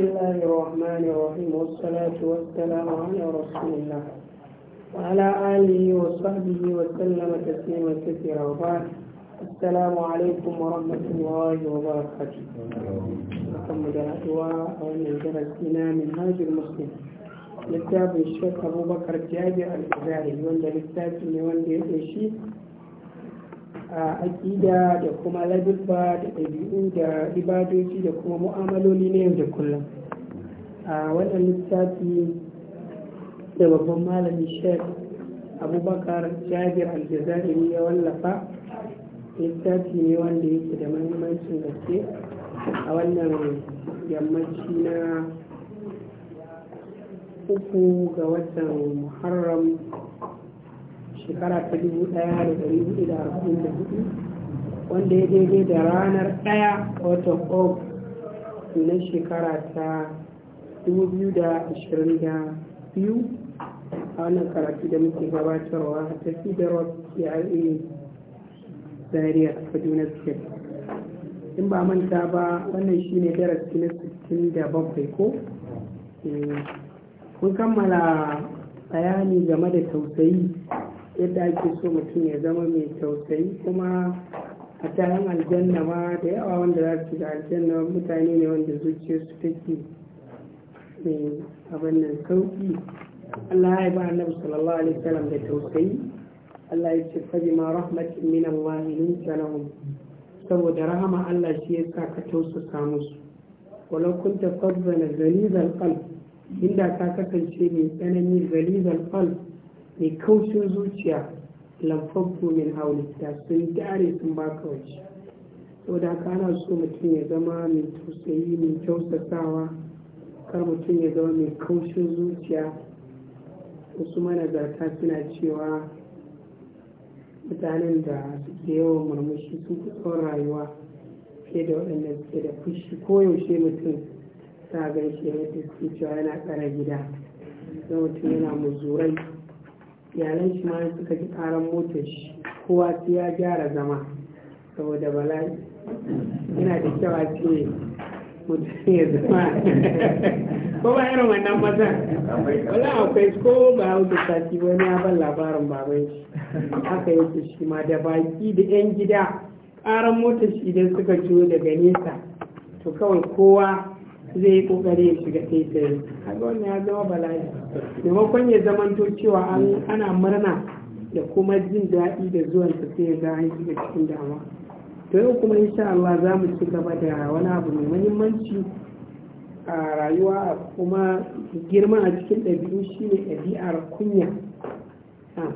بسم الله الرحمن الرحيم والصلاة والسلام على رسول الله وعلى آله وصحبه وسلم تسليما كثيرا وبعد السلام عليكم ورحمة الله وبركاته كم جرأتوا أن جرأتنا من هاج المسلم لكتاب الشيخ أبو بكر الجابر الإزاري وأن لكتاب من وأن الشيخ a aƙida da kuma ladubba da ɗabi'u da ibadoci da kuma mu'amaloli na yau da kullum a wannan littafi da babban malami shek abubakar jabir aljazari ya wallafa littafi ne wanda yake da mahimmancin gaske a wannan yammaci na uku ga watan muharram shekara ta dubu da hudu da arba'in da hudu wanda ya daidai da ranar ɗaya watan og na shekara ta dubu biyu da ashirin da biyu a wannan karatu da muke gabatarwa ta fidarwa cia zaria kaduna state in ba manta ba wannan shine darasi na sittin da bakwai ko kun eh, kammala bayani game da tausayi yadda ake so mutum ya zama mai tausayi kuma a taron aljanna ma da yawa wanda za su ga aljanna mutane ne wanda zuciya su take mai abin nan sauki Allah ya ba annabi sallallahu alaihi wasallam da tausayi Allah ya ce fabi ma rahmatin min Allah min lahum saboda rahama Allah shi ya sa ka tausasa musu walau kunta na zalizal qalb inda ka kasance mai tsanani zalizal qalb mai kaushin zuciya lamfabbo min hauli da sun dare sun baka waje saboda haka ana so mutum ya zama mai tausayi mai kyautatawa kar mutum ya zama mai kaushin zuciya wasu manazarta suna cewa mutanen da suke yawan murmushi sun fi tsawon rayuwa fiye da waɗanda suke da fushi koyaushe mutum ta gan shi yadda suke cewa yana tsara gida na mutum yana muzurai iyalan shi ma suka ji karan motar shi kowa sai ya gyara zama saboda bala'i yana da kyau a ce mutum ya zama ko ba irin wannan maza wala akwai ko ba hau da sati wani ya ban labarin baban shi haka yake shi ma da baki da yan gida karan motar shi idan suka ciwo daga nesa to kawai kowa zai yi kokari ya shiga taitaye kaga wannan ya zama bala'i maimakon ya zamanto cewa ana murna da kuma jin daɗi da zuwan sa sai ya ga an shiga cikin dama to yau kuma insha Allah za mu ci gaba da wani abu mai muhimmanci a rayuwa kuma girma a cikin ɗabi'u shine ɗabi'ar kunya A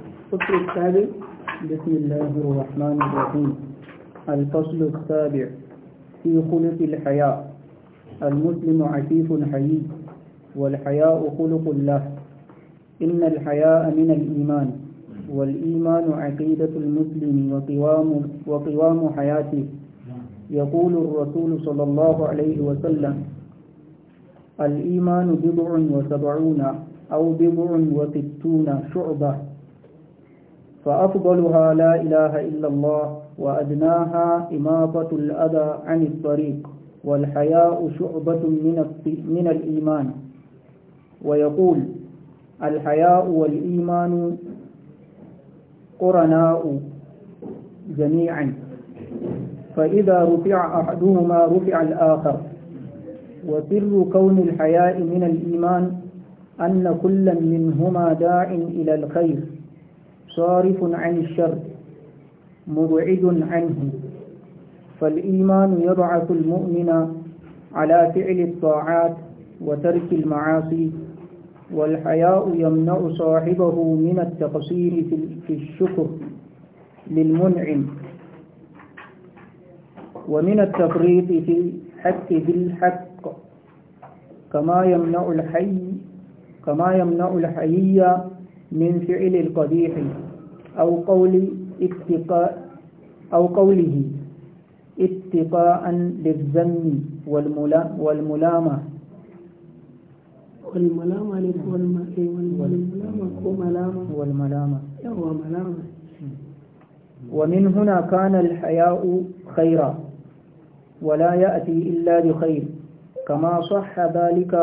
بسم الله الرحمن الرحيم الفصل السابع في خلق الحياة المسلم عفيف حيي والحياء خلق الله إن الحياء من الإيمان والإيمان عقيدة المسلم وقوام, وقوام حياته يقول الرسول صلى الله عليه وسلم الإيمان بضع وسبعون أو بضع وستون شعبة فأفضلها لا إله إلا الله وأدناها إماطة الأذى عن الطريق والحياء شعبة من من الإيمان ويقول الحياء والإيمان قرناء جميعا فإذا رفع أحدهما رفع الآخر وسر كون الحياء من الإيمان أن كل منهما داع إلى الخير صارف عن الشر مبعد عنه فالإيمان يبعث المؤمن على فعل الطاعات وترك المعاصي والحياء يمنع صاحبه من التقصير في الشكر للمنعم ومن التفريط في الحق بالحق كما يمنع الحي كما يمنع الحيي من فعل القبيح أو قول اتقاء أو قوله اتقاء للذم والملامة والملامة إيه، والملامة والملامة وملامة والملامة ومن هنا كان الحياء خيرا ولا يأتي إلا بخير كما صح ذلك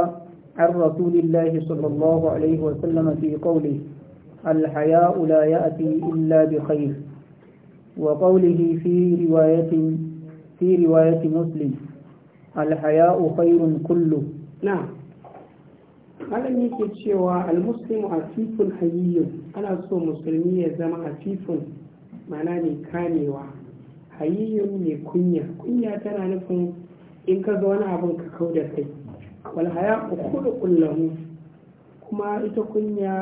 عن رسول الله صلى الله عليه وسلم في قوله الحياء لا يأتي إلا بخير وقوله في رواية في رواية مسلم الحياء خير كله نعم malam yake cewa almuslimu afifun hayyun ana so musulmi ya zama afifun mana ne kamewa hayyun ne kunya kunya tana nufin in ka ga wani abin ka kau da kai wal haya ukhuluqul lahu kuma ita kunya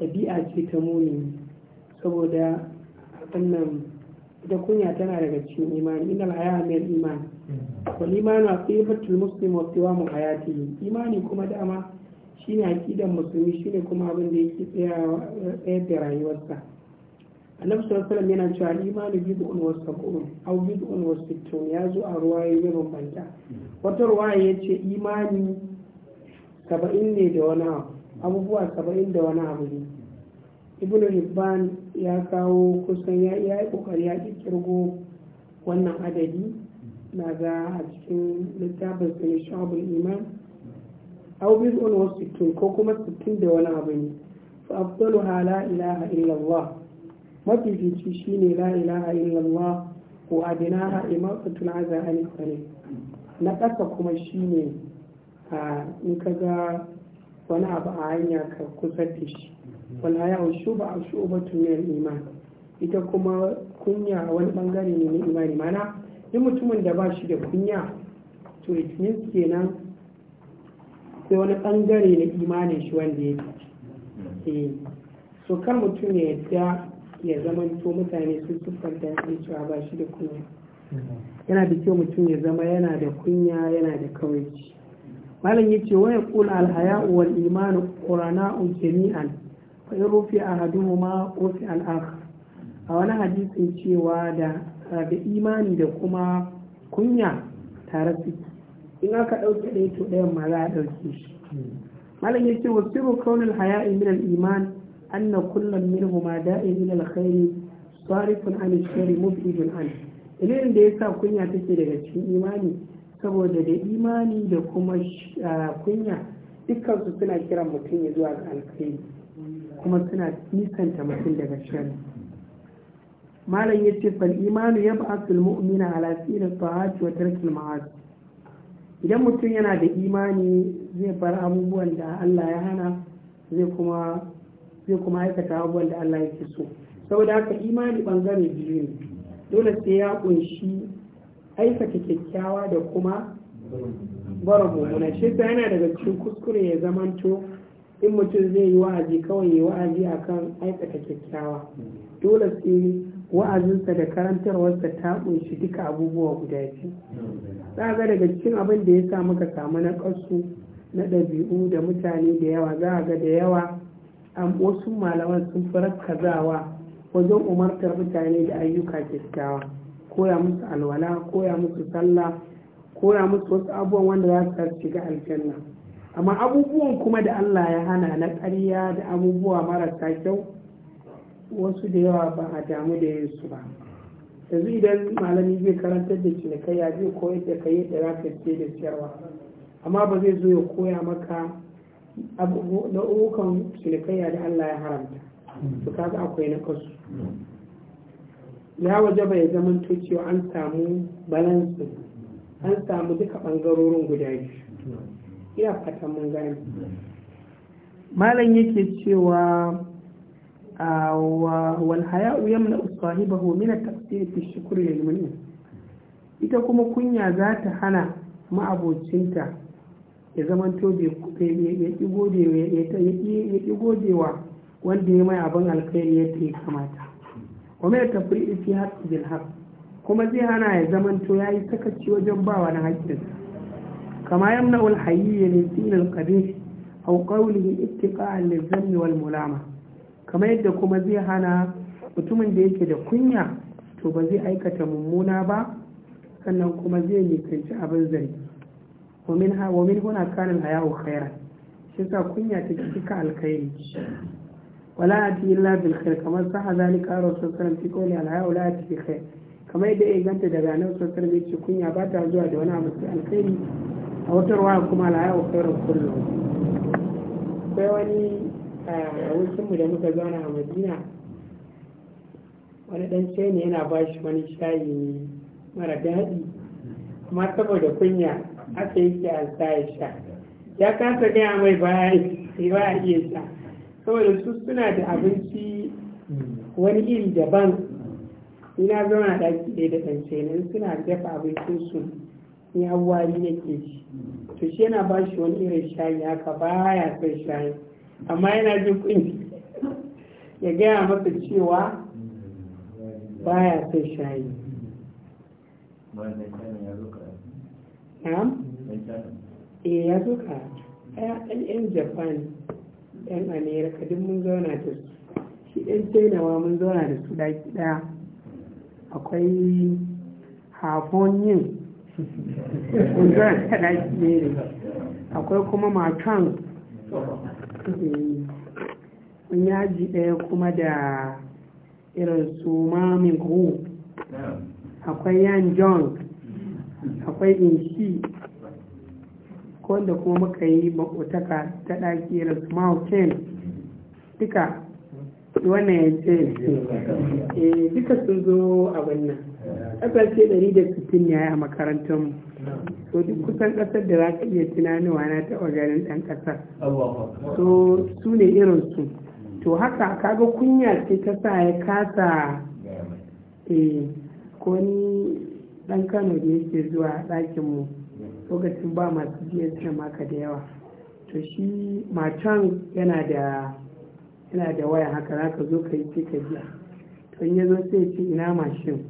ɗabi'a ce ta muni saboda wannan ita kunya tana daga cikin imani innal haya min iman wal imanu aqibatul muslim wa qiwamu hayatihi imani kuma dama shine aqidan musulmi shine kuma abin da yake tsayawa tsayar da rayuwarsa annabi sallallahu yana cewa imani bid'un wa sab'un aw bid'un wa sittun ya zo a ruwaye ya bambanta wata ruwaye yace imani saba'in ne da wani abubuwa saba'in da wani abu ne ibn hibban ya kawo kusan ya yi kokari ya kirgo wannan adadi na ga a cikin littafin sani shabul iman au bil wasu sittin ko kuma sittin da wani abu ne fa afdalu ha la ilaha illallah mafifici shine la ilaha illallah ko adinaha imatatul aza an kare na ƙasa kuma shine a in ka ga wani abu a hanya ka kusa da shi walhaya wa shuba a shuba iman ita kuma kunya wani bangare ne na imani mana yi mutumin da ba shi da kunya to it means kenan sai wani bangare na imanin shi wanda ya eh, so kan mutum ya yadda ya to mutane sun siffanta ya cewa ba shi da kunya yana da kyau mutum ya zama yana da kunya yana da kawai malam ya ce waya kula alhaya imanin imanu jami'an fa in rufi ahaduhuma rufi al-akhar a wani hadisin cewa da da imani da kuma kunya tare su in aka ɗauke ɗaya to ɗayan ma za a ɗauke shi malam yake wa sirru kaunul haya'i min al-iman anna kullum minhuma da'in ila al-khairi sarifun an shari mubidun an irin da yasa kunya take daga cikin imani saboda da imani da kuma kunya dukkan su suna kiran mutum ya zuwa ga alkhairi kuma suna nisanta mutum daga shari malam ya ce fal imanu ya ba su mu'mina ala tsirin ta'ati wa tarkil ma'azi idan mutum yana da imani zai bar abubuwan da Allah ya hana zai kuma zai kuma aikata abubuwan da Allah ya ke so saboda haka imani bangare biyu ne dole sai ya kunshi aikata kyakkyawa da kuma bara mummuna shi yana daga cikin kuskure ya zamanto in mutum zai yi wa'azi kawai yi wa'azi akan aikata kyakkyawa dole sai wa'azinsa da karantarwarsa ta kunshi duka abubuwa guda biyu za ga daga cikin abin da ya sa muka samu na ƙasu na ɗabi'u da mutane da yawa za a ga da yawa an wasu malaman sun fi rakkazawa wajen umartar mutane da ayyuka kyakkyawa koya musu alwala koya musu sallah koya musu wasu abubuwan wanda za su shiga aljanna amma abubuwan kuma da Allah ya hana na ƙarya da abubuwa marasa kyau wasu da yawa ba a damu da yin su ba yanzu idan malami zai karantar da cinikayya zai koyar da kai yadda za ka ce da siyarwa amma ba zai zo ya koya maka nau'ukan cinikayya da Allah ya haramta to kaga akwai na kasu ya waje bai zama to cewa an samu balansu an samu duka ɓangarorin guda biyu ina fata mun gani malam yake cewa wal haya'u yamna sahibahu min taqsir fi shukr lil mu'min ita kuma kunya za ta hana ma'abocinta ya zama to ya ki godewa wanda ya mai abin alkhairi yadda ya kamata kuma ya tafi fi haƙƙin haq kuma zai hana ya zama to ya yi sakaci wajen bawa na haƙƙinsa كما يمنع الحي من فعل القبيح أو قوله اتقاء للذم والملامة كما يدكم زي هنا mutumin da yake da kunya to ba zai aikata mummuna ba sannan kuma zai nisanci abin zari wa min huna kanin hayahu khairan shi sa kunya ta cika alkhairi wala ati illa bil khair kamar saha zalika rasul sallallahu alaihi wasallam al hayahu la ati bi khair kamar yadda ya ganta daga nan sallallahu alaihi wasallam kunya ba ta zuwa da wani abu sai alkhairi a wata ruwa kuma al'aya wa kairar kullum akwai wani wucinmu eh, da muka zauna a madina wani dan ne yana ba shi wani shayi mara daɗi Kuma saboda kunya aka yi ke an sa ya sha ya kasa gaya mai ba a iya sha saboda su suna da abinci wani iri daban ina zauna ɗaki ɗaya da ɗan suna dafa abincinsu ni hawari yake shi to shi yana ba shi wani irin shayi haka ba ya son shayi amma yana jin kunshi ya gaya masa cewa ba ya son shayi eh ya zo ka yan japan yan amerika duk mun zauna da su shi yan chinawa mun zauna da su daki daya akwai hafon yin akwai kuma matan kun eh, yaji ɗaya kuma da irin su mamin ku akwai yan john akwai inshi wanda kuma muka yi makotaka ta ɗaki irin su mountain duka wannan ya ce eh, duka sun zo a wannan ƙasashe 160 yi a makarantar mu So, duk kusan ƙasar da za ka iya tunanowa na taɓa ganin ɗan ƙasar So, su ne irin su to haka kaga kunya ce ta sa ya kasa eh ko ni ɗan kano da yake zuwa ɗakin mu lokacin ba masu gsm maka da yawa to shi matan yana da yana da waya haka za ka zo ka yi ce ka biya to in ya zo sai ce ina mashin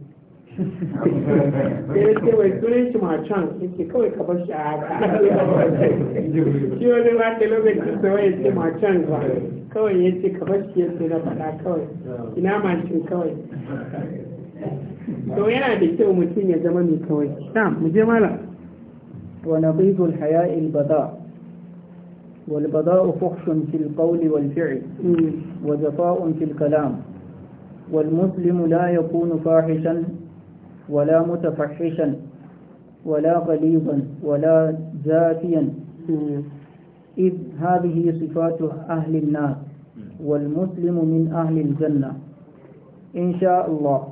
别人结尾突然就马上，你结尾可不下来。就另外第六个结尾就马上是吧？各位也是可不写写的把它各位，你那蛮清各位。同样的，就我们今年这么你各位，那没见完了。ونبيذ الحياء البداء والبداء فحش في القول والفعل وجفاء في الكلام والمسلم لا يكون فاحشا ولا متفحشا ولا غليظا ولا جافيا إذ هذه صفات أهل النار والمسلم من أهل الجنة إن شاء الله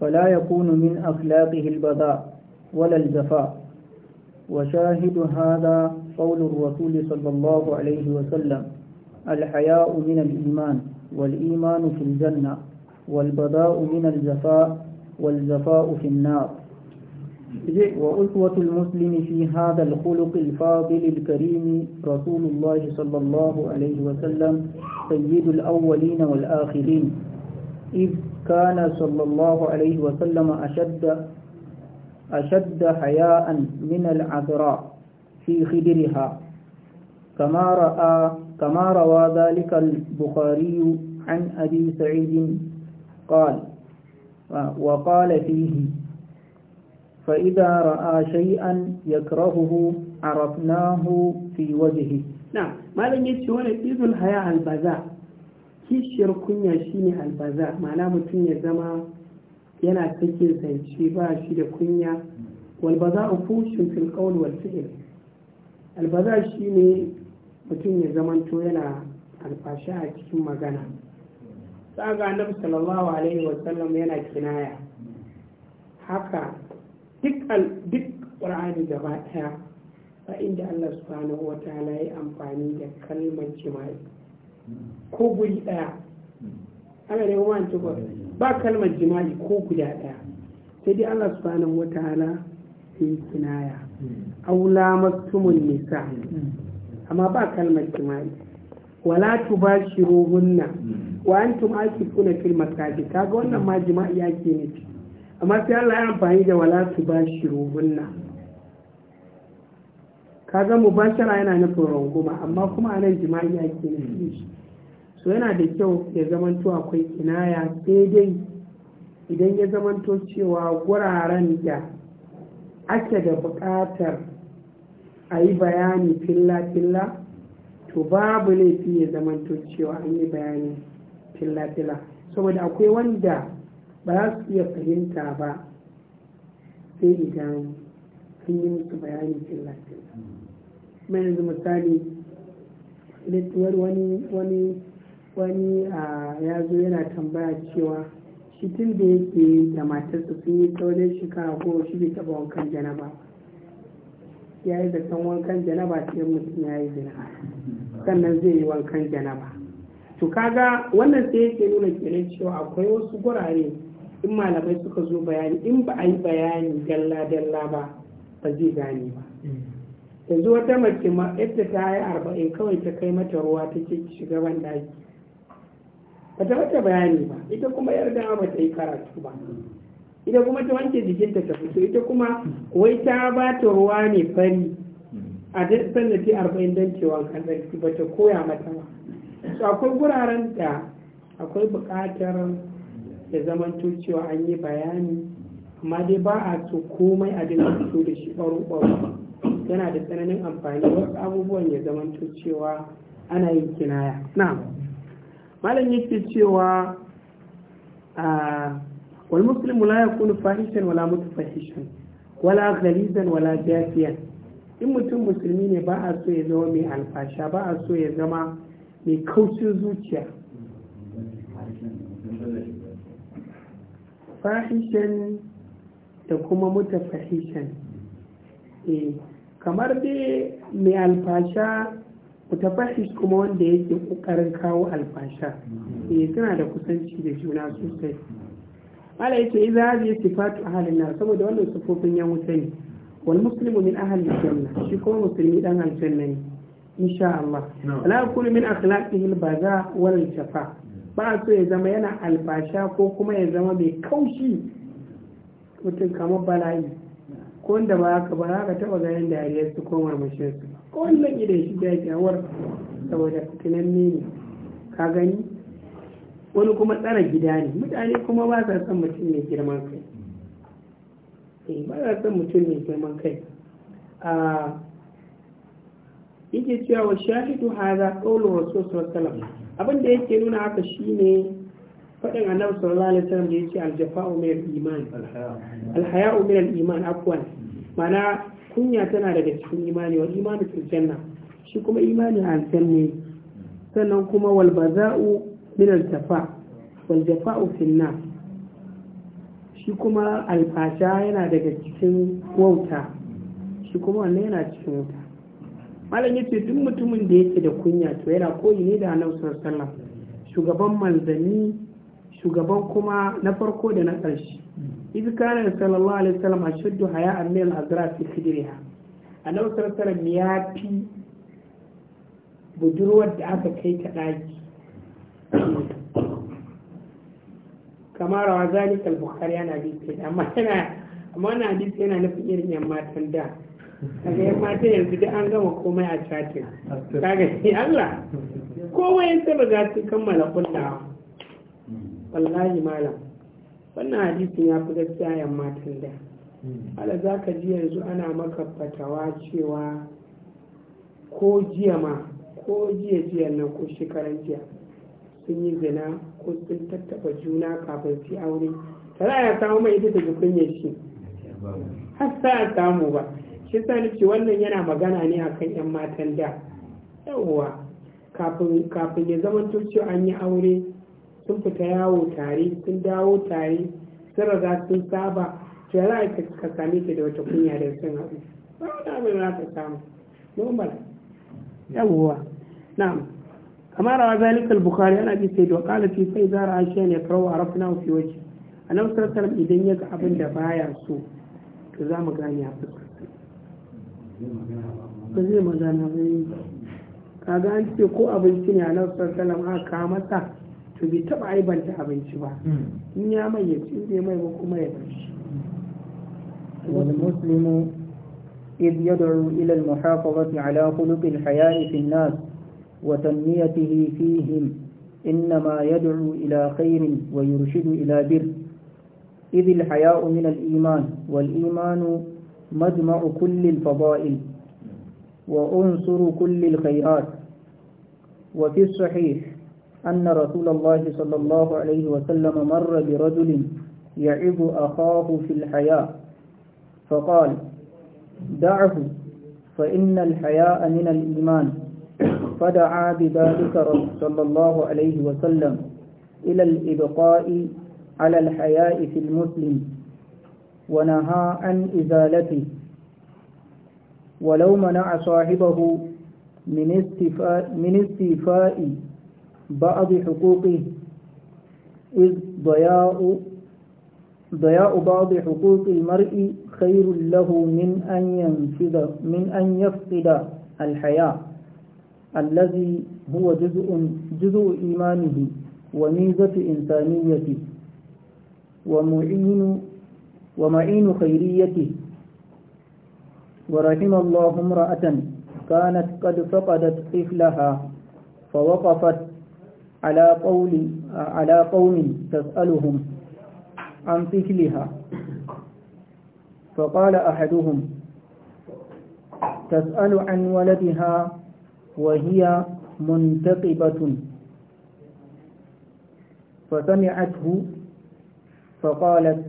فلا يكون من أخلاقه البذاء ولا الجفاء وشاهد هذا قول الرسول صلى الله عليه وسلم الحياء من الإيمان والإيمان في الجنة والبذاء من الجفاء والجفاء في النار وأسوة المسلم في هذا الخلق الفاضل الكريم رسول الله صلى الله عليه وسلم سيد الأولين والآخرين إذ كان صلى الله عليه وسلم أشد أشد حياء من العذراء في خدرها كما رأى كما روى ذلك البخاري عن أبي سعيد قال وقال فيه فإذا رأى شيئا يكرهه عرفناه في وجهه نعم ما لن يتشون إذ الحياة البذاء kishiyar kunya يشيني albaza ما mutum ya zama yana cikin zance ba shi da kunya walbaza a fushin fil qawl wal fi'l albaza shine mutum ya zamanto yana alfashi a cikin magana saga ga annabi sallallahu alaihi sallam yana kinaya haka duk ƙur'ani gaba ɗaya ba inda Allah subhanahu wa ta'ala ya amfani da kalmar jima'i ko guri ɗaya ana ne yawan tukur ba kalmar jima'i ko guda ɗaya sai dai Allah subhanahu wa ta'ala ya yi kinaya aula maktumun nisa amma ba kalmar jima'i wala tubashiruhunna hmm. wa ake kuna fil masajid kaga wannan ma jima'i yake nufi amma sai Allah ya amfani da wala tubashiruhunna kaga mubashara yana nufin ranguma amma kuma anan jima'i yake nufi so yana da kyau ya zamanto akwai kinaya sai dai idan ya zamanto cewa guraren da ake da bukatar a yi bayani filla-filla to babu laifi ya zamanto cewa an yi bayani filla saboda akwai wanda ba za su iya fahimta ba sai idan sun yi musu bayani filla-filla yanzu misali wani wani wani ya zo yana tambaya cewa shi tun da yake da matarsa sun yi tsaunin shekara ko shi bai taba wankan janaba ya yi zaton wankan janaba sai mutum ya yi zina sannan zai yi wankan janaba to kaga wannan sai yake nuna kenan cewa akwai wasu gurare in malamai suka zo bayani in ba a yi bayani dalla dalla ba ba zai gane ba yanzu wata mace ma yadda ta yi arba'in kawai ta kai mata ruwa ta ke shiga ban daji ba ta mata bayani ba ita kuma yar dama ba ta yi karatu ba ita kuma ta wanke jikinta ta fito ita kuma wai ta ba ta ruwa ne fari a duk sanda arba'in don cewa kan tsarki ba ta koya mata ba su akwai wuraren da akwai bukatar ya zaman cewa an yi bayani amma dai ba a so komai a dinga su da shi ɓaro-ɓaro yana da tsananin amfani wasu abubuwan ya zaman cewa ana yin kinaya na malam yake cewa ah, wal muslimu la yakunu fahishan wala fahishan wala ghalizan wala jafiyan in mutum musulmi ne ba a so ya zama mai alfasha ba a so ya zama mai kaucin zuciya fahishan da kuma fahishan e eh, kamar dai mai alfasha fahish kuma wanda yake kokarin kawo alfasha e suna da kusanci da juna sosai ala yace idza hadhihi sifatu halin nar saboda wannan sufofin yan wuta ne wani muslimu min ahli janna shi kuma musulmi dan aljanna ne insha Allah la min akhlaqihi al-baza wal jafa ba so ya zama yana albasha ko kuma ya zama mai kaushi mutum kamar bala'i ko ba ka ba haka taba ganin dariyar su ko marmashin su ko wannan idan shi da kyawar saboda fitinan ne ka gani wani kuma tsara gida ne mutane kuma ba sa son mutum mai girman kai Eh, ba na mutum mai girman kai a yake cewa wa shahidu haza qawlu rasul sallallahu alaihi wasallam abin da yake nuna haka shine fadin annabi sallallahu alaihi wasallam da yake aljafa'u min al-iman Alhaya min al-iman afwan mana kunya tana daga cikin imani wa imanu fil janna shi kuma imani a aljanna sannan kuma wal baza'u min al-jafa wal jafa'u fil nar shi kuma alfasha yana daga cikin wauta shi kuma wannan yana cikin wauta malam ya ce duk mutumin da yake da kunya to yana koyi ne da anausar sallallahu shugaban manzanni shugaban kuma na farko da na ƙarshe idan kana sallallahu alaihi wasallam ashaddu haya'an min al-azra fi khidriha a nausar alaihi ya fi budurwar da aka kai ta ɗaki kamar rawa zalika al-bukhari yana hadisi amma yana amma wannan hadisi yana nufin irin yan matan da kaga yan matan yanzu duk an gama komai a chatin kaga sai Allah komai yanzu za su kammala kullawa wallahi malam wannan hadisi ya fi gaskiya yan matan da ala za ka ji yanzu ana maka fatawa cewa ko jiya ma ko jiya jiya nan ko shekaran jiya sun yi zina ko sun tattaba juna kafin su aure Ta a ya samu mai ita ta ji kunya shi har sa a samu ba shi sa nake wannan yana magana ne akan yan matan da yawwa kafin ya zama cewa an yi aure sun fita yawo tare sun dawo tare sun riga sun saba to a ka same ta da wata kunya da sun haɗu ba wani abin za ka samu normal yawwa na'am كما روى ذلك البخاري عن ابي سعيد وقال في فاذا راى شيئا يكره عرفناه في وجهه annabi sallallahu alaihi idan ya ga abin da baya so to za mu gane a fuskarsa ba zai magana ba kaga an ce ko abinci ne annabi sallallahu alaihi aka masa to bai taba aibanta abinci ba in ya mai ya ci bai mai ba kuma ya bar shi muslimu إذ يدعو إلى المحافظة على خلق الحياء في الناس وتنميته فيهم إنما يدعو إلى خير ويرشد إلى بر إذ الحياء من الإيمان والإيمان مجمع كل الفضائل وأنصر كل الخيرات وفي الصحيح أن رسول الله صلى الله عليه وسلم مر برجل يعظ أخاه في الحياء فقال دعه فإن الحياء من الإيمان فدعا بذلك صلى الله عليه وسلم إلى الإبقاء على الحياء في المسلم ونهى عن إزالته ولو منع صاحبه من استيفاء, من بعض حقوقه إذ ضياء ضياء بعض حقوق المرء خير له من أن ينفذ من أن يفقد الحياة الذي هو جزء, جزء إيمانه وميزة إنسانيته ومعين ومعين خيريته ورحم الله امرأة كانت قد فقدت طفلها فوقفت على قول على قوم تسألهم عن طفلها فقال أحدهم تسأل عن ولدها وهي منتقبة فسمعته فقالت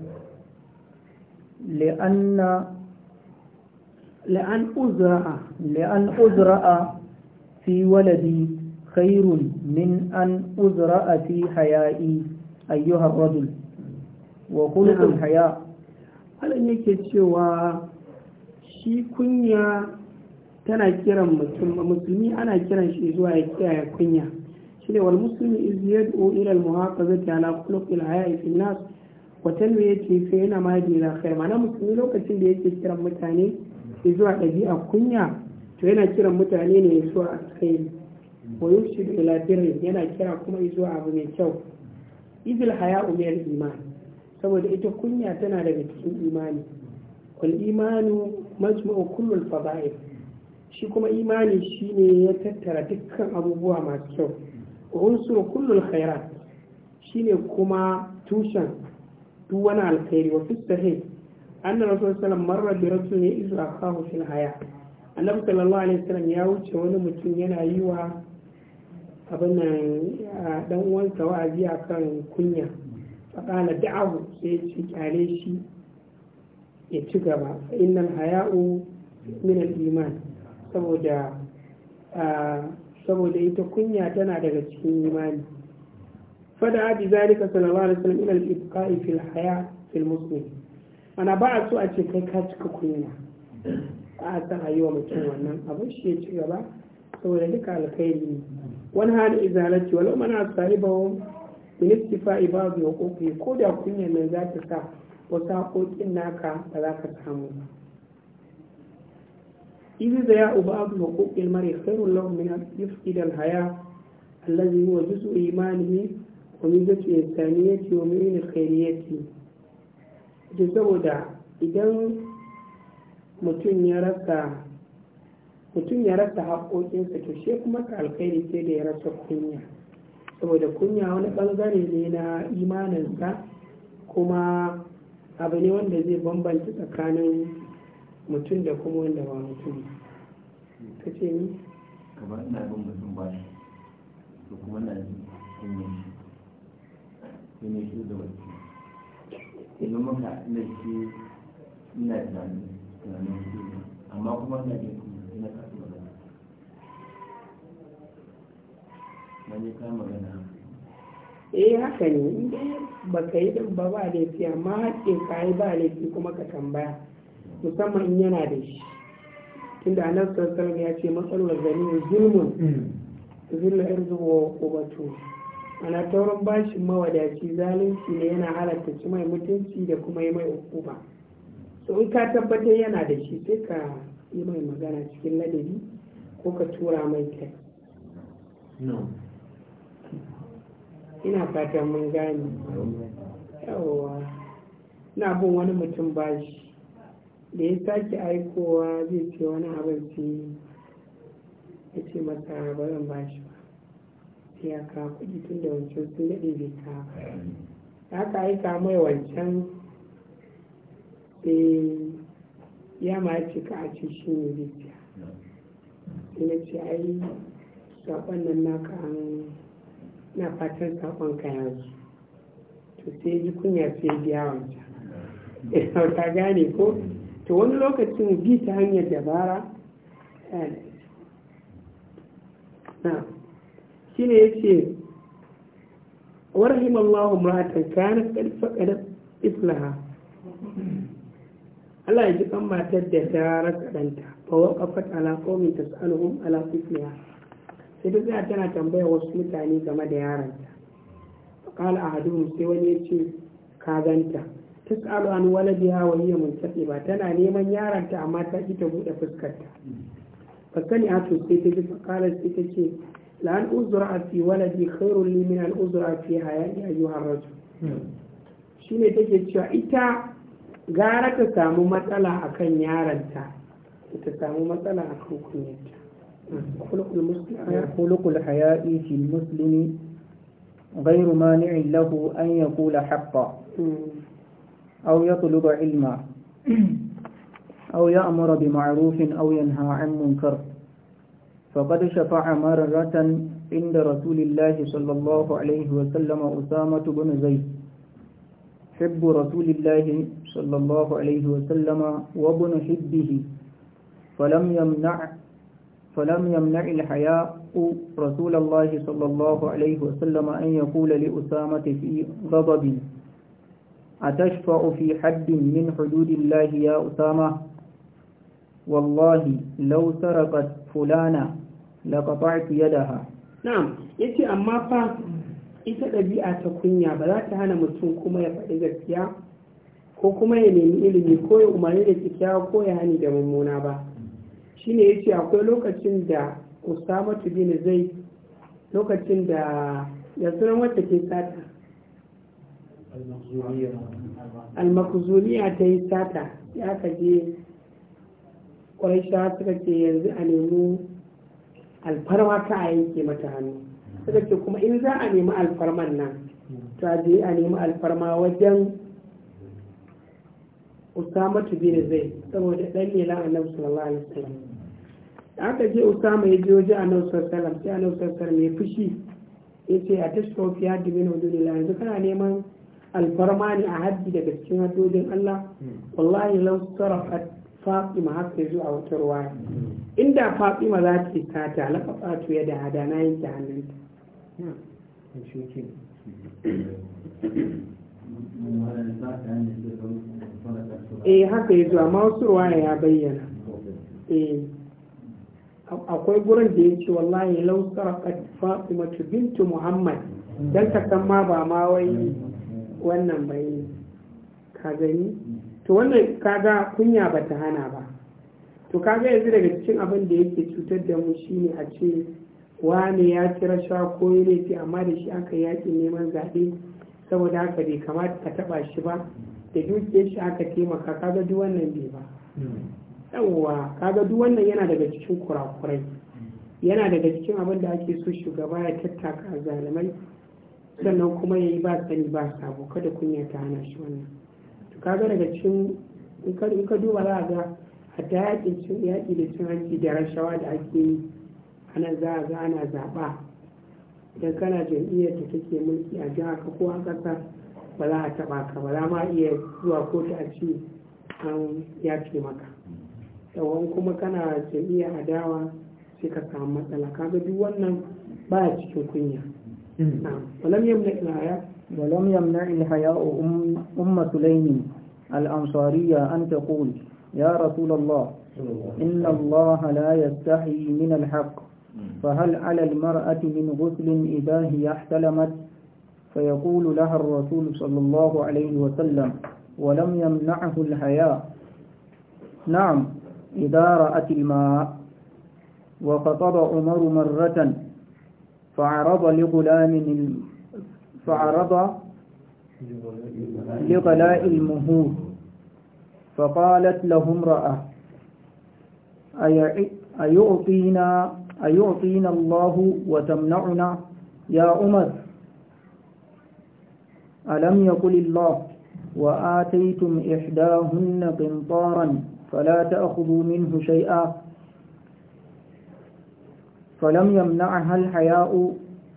لأن لأن أزرع لأن أزرع في ولدي خير من أن أزرع في حيائي أيها الرجل وخلق الحياء هل أنك تشوى شي كنيا tana kiran musulmi ana kiran shi zuwa ya kiyaye kunya shi ne wal musulmi iz yad'u ila al muhaqazati ala khuluq al haya'i fi nas wa tanwi yake fa yana ma ila khair mana musulmi lokacin da yake kiran mutane shi zuwa ɗabi'a kunya to yana kiran mutane ne zuwa alkhairi wa yushid ila birri yana kira kuma zuwa abu mai kyau izil haya'u min iman saboda ita kunya tana daga cikin imani wal imanu majma'u kullul fada'il shi kuma imani shi ne ya tattara dukkan abubuwa masu kyau wa kullum kullul shi shine kuma tushen duk wani alkhairi wa fistahi anna rasul sallam marra bi rasul ya a kawo fil haya annabi sallallahu alaihi wasallam ya wuce wani mutum yana yi wa abin nan dan uwansa wa'azi akan kunya faqala da'ahu sai ya ci kyale shi ya ci gaba fa innal haya'u min al iman saboda saboda ita kunya tana daga cikin imani fada abi zalika sallallahu alaihi wasallam ila al-ibqa'i fil haya fil muslim ana ba a so a ce kai ka cika kunya a san a yi wa mutum wannan abu shi ya ci gaba saboda duka alkhairi ne wani hada izalati walau mana sahibahu min istifa'i ba'd huquqi ko da kunya nan zata ta sa wasu haƙoƙin naka ba za ka samu ba إذ ذياء بعض حقوق المرء خير له من أن يفقد الحياة الذي هو جزء إيمانه وميزة إنسانيته ومعين خيريته saboda idan mutum ya rasa mutum ya rasa haƙoƙinsa to shi kuma ka alkhairi sai da ya rasa kunya saboda kunya wani ɓangare ne na imaninsa kuma abu ne wanda zai bambanta tsakanin mutum da kuma wanda ba mutum ka ce ni kamar ina bin mutum ba shi to kuma na ji kunye shi kunye shi da wasu ilu maka ina shi ina tunanin tunanin shi amma kuma ina jin kunye ina kasu magana na je kayan magana eh haka ne in dai baka yi ba ba laifi amma haƙƙin ka yi ba laifi kuma ka tambaya musamman in yana da shi tunda a nan sassan ya ce matsalar gani zulmun zulla zuwa ubatu ana taurin bashin mawadaci zalunci ne yana halatta ci mai mutunci da kuma yi mai hukuma so in ka tabbatar yana da shi sai ka yi mai magana cikin ladabi ko ka tura mai kai ina fatan mun gane yawwa na bin wani mutum bashi da ya sake aikowa zai ce wani abin sai ya ce masa ba zan ba shi ba sai ya kawo kuɗi tun da wancan sun daɗe bai kawo ba aka aika mai wancan sai ya ma ce ka a ce shi ne zai ka sai na ce ai saƙon nan naka an na fatan saƙon ka yanzu to sai ji kunya sai biya wancan ta gane ko to wani lokacin bi ta hanyar dabara eh, shi ne ya ce warahim allahu muratan kana karfakar islaha Allah ya ji kan matar da ta rasa ɗanta fa waqafat ta qaumin tas'aluhum ala sai ta tsaya tana tambaya wasu mutane game da yaranta qala mu sai wani ya ce ka ganta tus'alu an waladiha wa hiya muntaqiba tana neman yaranta amma ta ki ta bude fuskarta fa sani atu sai ta ji fakalar sai ta ce la an uzra fi waladi khairul li min an uzra fi hayati ayyuhar rajul shine take cewa ita gara ta samu matsala akan yaranta ta samu matsala akan kunyarta خلق الحياء في المسلم غير مانع له أن يقول حقا أو يطلب علما أو يأمر بمعروف أو ينهى عن منكر فقد شفع مرة عند رسول الله صلى الله عليه وسلم أسامة بن زيد حب رسول الله صلى الله عليه وسلم وابن حبه فلم يمنع فلم يمنع الحياء رسول الله صلى الله عليه وسلم أن يقول لأسامة في غضب أتشفع في حد من حدود الله يا أسامة والله لو سرقت فلانا لقطعت يدها نعم يتي أما fa ita ɗabi'a ta kunya ba za ta hana mutum kuma ya faɗi gaskiya ko kuma ya nemi ilimi ko ya umarni da kyakkyawa ko ya hani da mummuna ba shine ya ce akwai lokacin da usama bin zai lokacin da ya suna wata ke sata almakuzuniya ta yi sata ya ka je ƙwarisha suka ce yanzu a nemi alfarma ta a yanke mata hannu suka ce kuma in za a nemi alfarman nan ta je a nemi alfarma wajen usama bin zai saboda ɗan ne lan annabi sallallahu alaihi wasallam aka je usama ya je waje annabi sallallahu alaihi wasallam sai annabi sallallahu alaihi wasallam ya fushi yace a tashkofiya dibin hudulillahi yanzu kana neman alfarma ne a haddi daga cikin haddodin Allah hmm. wallahi lau sarafat fatima haka zuwa wata ruwa hmm. inda fatima za ta ta laka to ya da hada na yanke hannunta hmm. eh haka ya zuwa ma wasu ruwa ya bayyana eh. akwai gurin da ya ce wallahi lau sarafat fatima bintu muhammad dan ta kan ma ba ma wai wannan bai ka gani to wannan kaga kunya ba ta hana ba to kaga yanzu daga cikin abin da yake cutar da mu shine a ce wane ya ci rashawa ko ya laifi amma da shi aka yaƙi neman zaɓe saboda haka bai kamata ka taɓa shi ba da dukiyar shi aka taimaka kaga duk wannan bai ba yawwa kaga duk wannan yana daga cikin kurakurai yana daga cikin abin da ake so shugaba ya tattaka zalimai sannan kuma ya yi ba sani ba sabo kada kunya ta hana shi wannan to kaga daga cikin in ka duba za a ga hatta yaƙin cin yaƙi da cin hanci da rashawa da ake yi ana za a ga ana zaɓa idan kana jam'iyyar ta take mulki a jiha ka ko a ƙasa ba za a taɓa ka ba za ma iya zuwa kotu a ce an yaƙi maka tsawon kuma kana jam'iyyar adawa sai ka samu matsala kaga duk wannan ba a cikin kunya ولم نعم. نعم. يمنع الحياء ولم يمنع الحياء أم, أم سليم الأنصارية أن تقول يا رسول الله إن الله لا يستحي من الحق فهل على المرأة من غسل إذا هي احتلمت فيقول لها الرسول صلى الله عليه وسلم ولم يمنعه الحياء نعم إذا رأت الماء وخطب عمر مرة فعرض لغلام فعرض لغلاء المهور فقالت له امرأة أيعطينا, أيعطينا الله وتمنعنا يا عمر ألم يقل الله وآتيتم إحداهن قنطارا فلا تأخذوا منه شيئا فلم يمنعها الحياء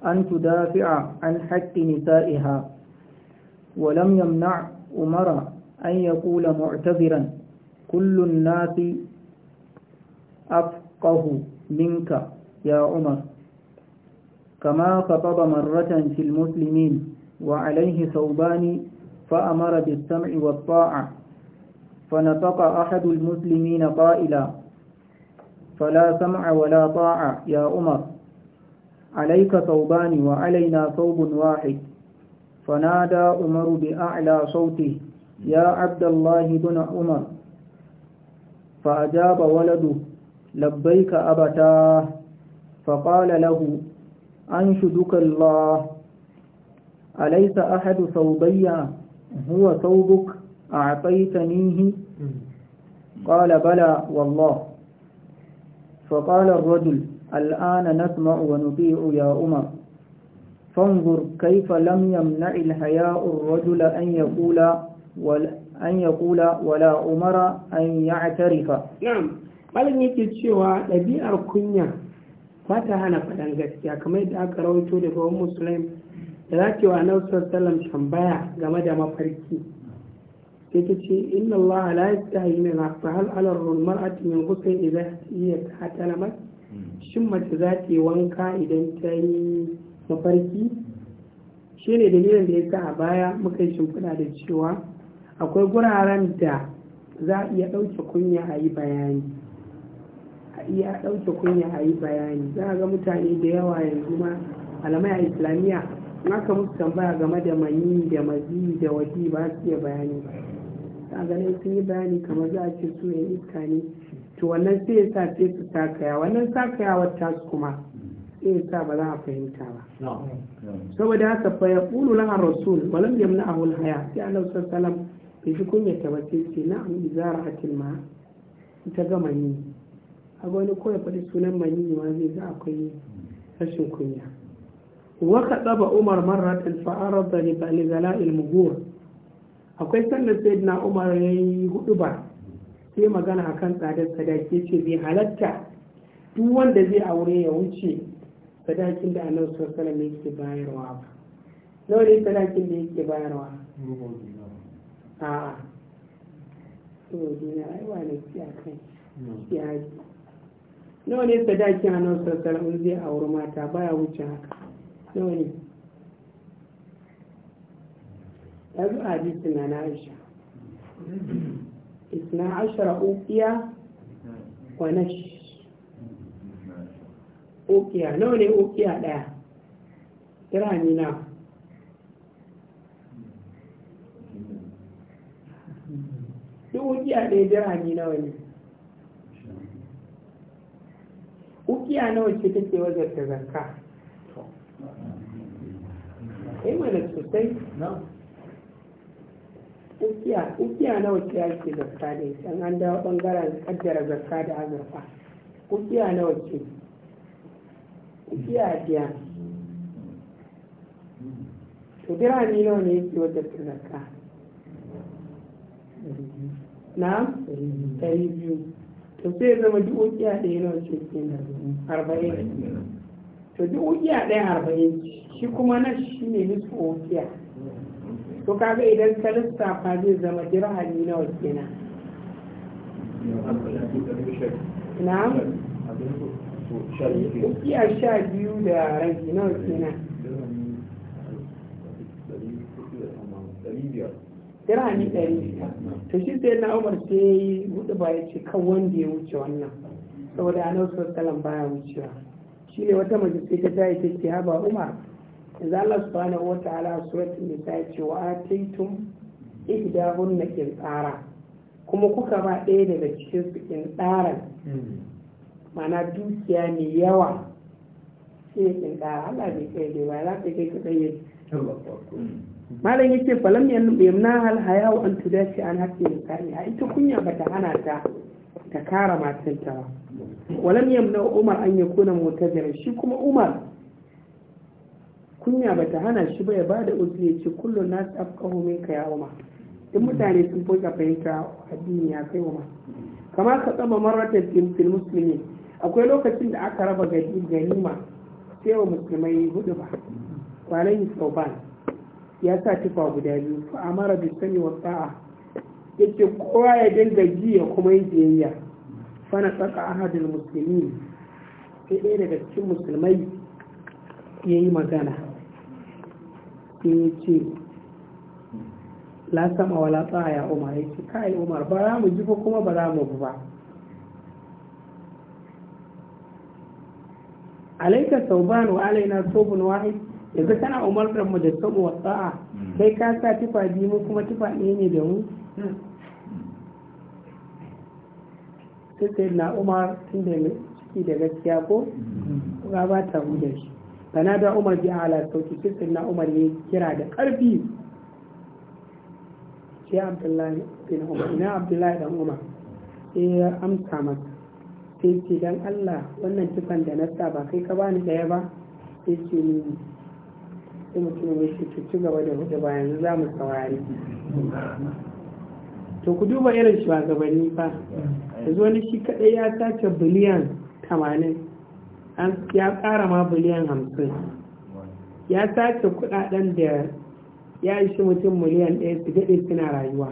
أن تدافع عن حق نسائها ولم يمنع عمر أن يقول معتذرا كل الناس أفقه منك يا عمر كما خطب مرة في المسلمين وعليه ثوبان فأمر بالسمع والطاعة فنطق أحد المسلمين قائلا فلا سمع ولا طاعة يا عمر عليك ثوبان وعلينا ثوب واحد فنادى عمر بأعلى صوته يا عبد الله بن عمر فأجاب ولده لبيك أبتاه فقال له أنشدك الله أليس أحد ثوبي هو ثوبك أعطيتنيه قال بلى والله فقال الرجل الآن نسمع ونطيع يا عمر فانظر كيف لم يمنع الحياء الرجل أن يقول ولا أن يقول ولا عمر أن يعترف نعم malam yake cewa ɗabi'ar kunya ba ta hana faɗan gaskiya kamar yadda aka rawaito daga wani musulmi da za ta yi wa annabi sallallahu tambaya game da mafarki sai ta ce inna Allah la yastahi min fa hal ala mar'ati min ghusl idza hiya hatalamat hmm. shin mace za ta yi wanka idan ta yi mafarki shine dalilin da ya sa a baya muka yi shimfiɗa da cewa akwai guraren da za a iya ɗauke kunya a yi bayani a iya ɗauke kunya a yi bayani za a ga mutane da yawa yanzu ma alamai a islamiyya in aka musu tambaya game da mani da mazi da wadi ba su iya bayani ba ka ganin sun yi bayani kamar za a ce su ne iska ne to wannan sai ya sa sai su sakaya wannan ta su kuma sai ya sa ba za a fahimta ba saboda haka fa ya ƙulu lana rasul walam yam na ahul haya sai Allah sallallahu alaihi bai ji kunya ta bace ce na'am izara'atil ma ita ga mani a wani ko ya faɗi sunan mani ma zai ga akwai rashin kunya wa tsaba umar da fa arada li balil mughur akwai sannan na umar ya yi hudu ba sai magana akan tsadar sadaki ce zai halatta duk wanda zai aure ya wuce sadakin da annabi sallallahu alaihi yake bayarwa ba nawa ne sadakin da yake bayarwa a'a to dina ai wa ne ki akan ki nawa ne sadakin annabi sallallahu alaihi zai aure mata baya wuce haka nawa ne ya zo na na Aisha isna ashara ukiya wa nash nawa ne ukiya daya dirhami na duk uqiya ɗaya dirhami nawa ne ukiya nawa ce take wajen ta zakka eh mana sosai ukiya ukiya nawa ke ake zakka da ita an dawo bangaren kaddara zakka da azurfa ukiya nawa ce ukiya biya to birane nawa ne yake wadda ta zakka na ɗari biyu to sai zama duk ukiya ɗaya nawa ce kenan arba'in to duk ukiya ɗaya arba'in shi kuma nan shi ne nufin ukiya to kaga idan ka lissafa zai zama na wasu Na. na'am iya sha biyu da rabi nawa kenan dirhami ɗari to shi sai na umar sai ya yi hudu ba ya ce kan wanda ya wuce wannan saboda anau sosalan baya wucewa shi ne wata majalisai ta ta yi ta ce haba umar إذا الله سبحانه وتعالى سورة النساء وآتيتم إهداهن كنطارا kuma kuka ba ɗaya daga كنطارا su kintsaran mana dukiya mai yawa sai ya kintsara Allah bai kai ba za ka kai ka kai malam yake falam yamna hal hayau an tudashi an haƙƙin kani a ita kunya bata hana ta ta kara matanta ba walam yamna umar an yakuna mutazirin shi kuma umar kunya bata hana shi ba ya ba da uzuri ya ce kullum na tsafkahu min ka yawo ma in mutane sun fi fahimta addini ya kai wa ma kama ka tsama marratar fil musulmi akwai lokacin da aka raba ganima sai wa musulmai hudu ba kwanan sauban ya sa tufa guda biyu fa mara bi sani wa sa'a ce kowa ya dinga ji ya kuma yi biyayya fana tsaka tsaka ahadul musulmi sai ɗaya daga cikin musulmai ya yi magana sai ya ce la sama wala tsaya umar ya ce kai umar ba za mu ji ko kuma ba za mu bu ba alaika sauban wa alaina sobun wahid yanzu kana da mu da sobo wa tsa'a hmm. kai ka sa tufa biyu mu kuma tufa ɗaya ne da mu hmm. sai na umar tun da ciki da gaskiya ko hmm. ga ba ta mu da shi da umar ji ala sauki sai na umar ne kira da karfi sai abdullahi bin ina abdullahi dan umar sai ya amsa masa sai ce dan Allah wannan tufan da na sa ba kai ka bani daya ba sai ce ni sai mutum ya ce ci gaba da hudu bayan za mu saurari to ku duba irin shugabanni ba. yanzu wani shi kadai ya sace biliyan tamanin ya kara ma biliyan hamsin ya sace kudaden da ya ishi mutum miliyan ɗaya su daɗe suna rayuwa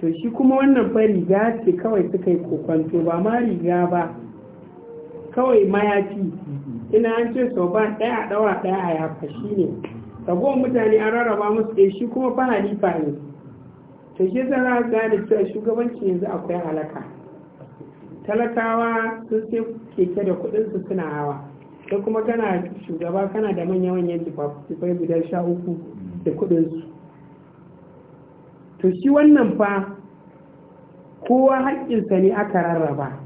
to shi kuma wannan fa riga ce kawai suka yi kokonto ba ma riga ba kawai mayafi ina an ce so ba ɗaya ɗaura ɗaya a yafa shi ne ragowar mutane an rarraba musu ɗaya shi kuma fa halifa ne to shi zara gane cewa shugabanci yanzu akwai halaka talakawa sun ce keke da kuɗinsu su suna hawa sai kuma kana shugaba kana da manya manyan tufafai guda sha uku da kudin su to shi wannan fa kowa haƙƙinsa ne aka rarraba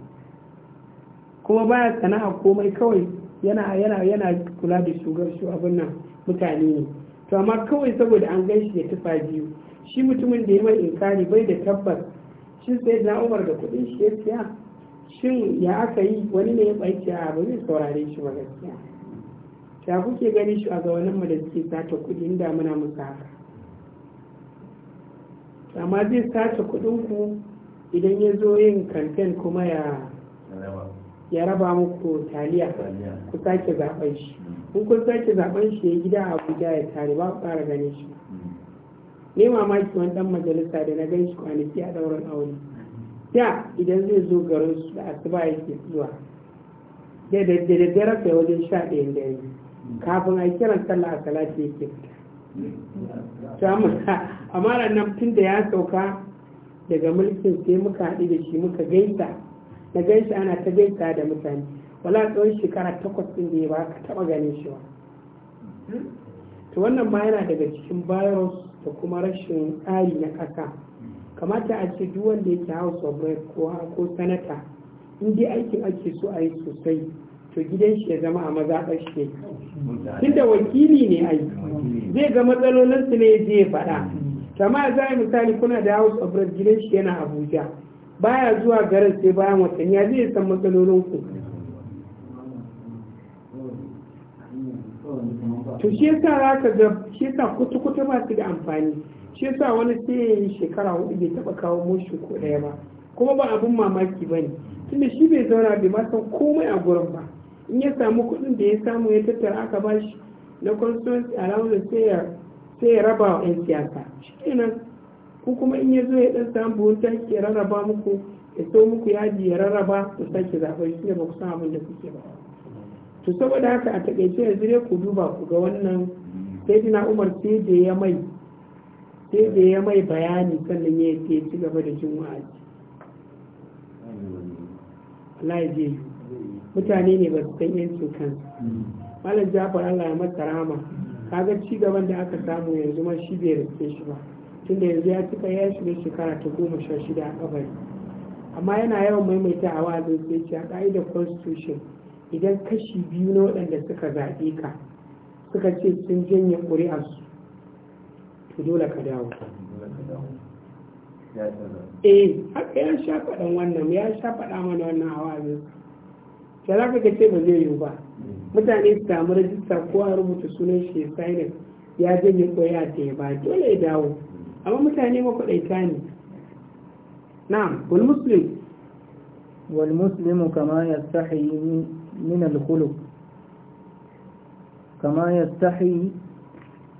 kuma baya sana'a komai kawai yana yana yana kula da shugar shu nan mutane ne to amma kawai saboda an gan shi da tufa biyu shi mutumin da ya mai inkari bai da tabbas shi sai na umar da kuɗin shi ya siya shin ya aka yi wani ne ya ɓace a ba zai saurare shi ba gaskiya ta kuke gani shi a mu da suke sata kuɗi inda muna musa haka amma zai sace ku idan ya zo yin kamfen kuma ya ya raba muku taliya ku sake zaben shi in kun sake zaben shi ya gida a abuja ya tare ba ku fara ganin shi mm. ne mamaki wani ɗan majalisa da na gan shi kwanaki a daurin aure da idan zai zo garin su da asuba yake zuwa da daddare sai wajen sha da yanzu kafin a kiran sallah a salati yake fita amma nan tun da ya sauka daga mulkin sai muka haɗu da shi muka gaisa na gaisa ana ta gaisa da mutane wala tsawon shekara takwas ɗin da ya ba ka taɓa ganin shi ba to wannan ma yana daga cikin virus da kuma rashin tsari na ƙasa kamata a ce duk wanda yake house of rep ko ko sanata in dai aikin ake so a yi sosai to gidan shi ya zama a mazaɓar shi tunda wakili ne ai zai ga matsalolinsu ne zai faɗa kama za a misali kuna da house of gidan shi yana abuja baya zuwa garin sai bayan watanni ya zai san ku. to shi yasa za ka ga shi yasa kutu kutu ba su da amfani shi yasa wani sai ya yi shekara hudu bai taba kawo moshi ko daya ba kuma ba abin mamaki ba ne tunda shi bai zauna bai ma san komai a gurin ba in ya samu kuɗin da ya samu ya tattara aka ba shi na constituency allowance sai ya raba wa 'yan siyasa shi kenan ko kuma in ya zo ya dan samu buhun taki ya rarraba muku ya so muku yaji ya rarraba da sake zaɓe shi ne ba ku san abin da kuke ba to saboda haka a takaice yanzu dai ku duba ku ga wannan dina umar sai da ya mai sai da ya mai bayani sannan ya ce ci gaba da jin wa'azi Allah mutane ne ba su san yanci kan malam jafar Allah ya masa rahama kaga ci gaban da aka samu yanzu ma shi bai rike shi ba tunda yanzu ya cika ya shiga shekara ta goma sha shida a kabari amma yana yawan maimaita a wa'azin sai ce a ka'idar constitution idan kashi biyu na waɗanda suka zaɓe ka suka ce sun janye ƙuri'arsu to dole ka dawo eh haka ya sha faɗin wannan ya sha faɗa mana wannan hawa abin ya za ka ce ba zai yiwu ba mutane su samu rajista ko a rubuta sunan shi Sinus" ya janye ƙuri'a ta ya ba dole ya dawo amma mutane ma makwaɗaita ne na'am wal muslim wal muslimu kama yastahi من الخلق كما يستحي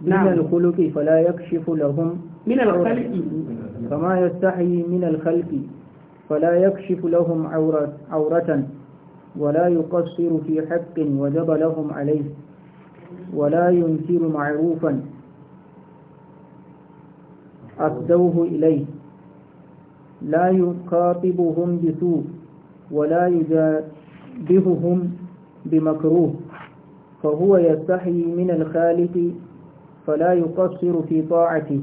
من نعم. الخلق فلا يكشف لهم من الخلق كما يستحي من الخلق فلا يكشف لهم عورة, ولا يقصر في حق وجب لهم عليه ولا ينكر معروفا أدوه إليه لا يقاطبهم بسوء ولا يجاد يشبههم بمكروه فهو يستحي من الخالق فلا يقصر في طاعته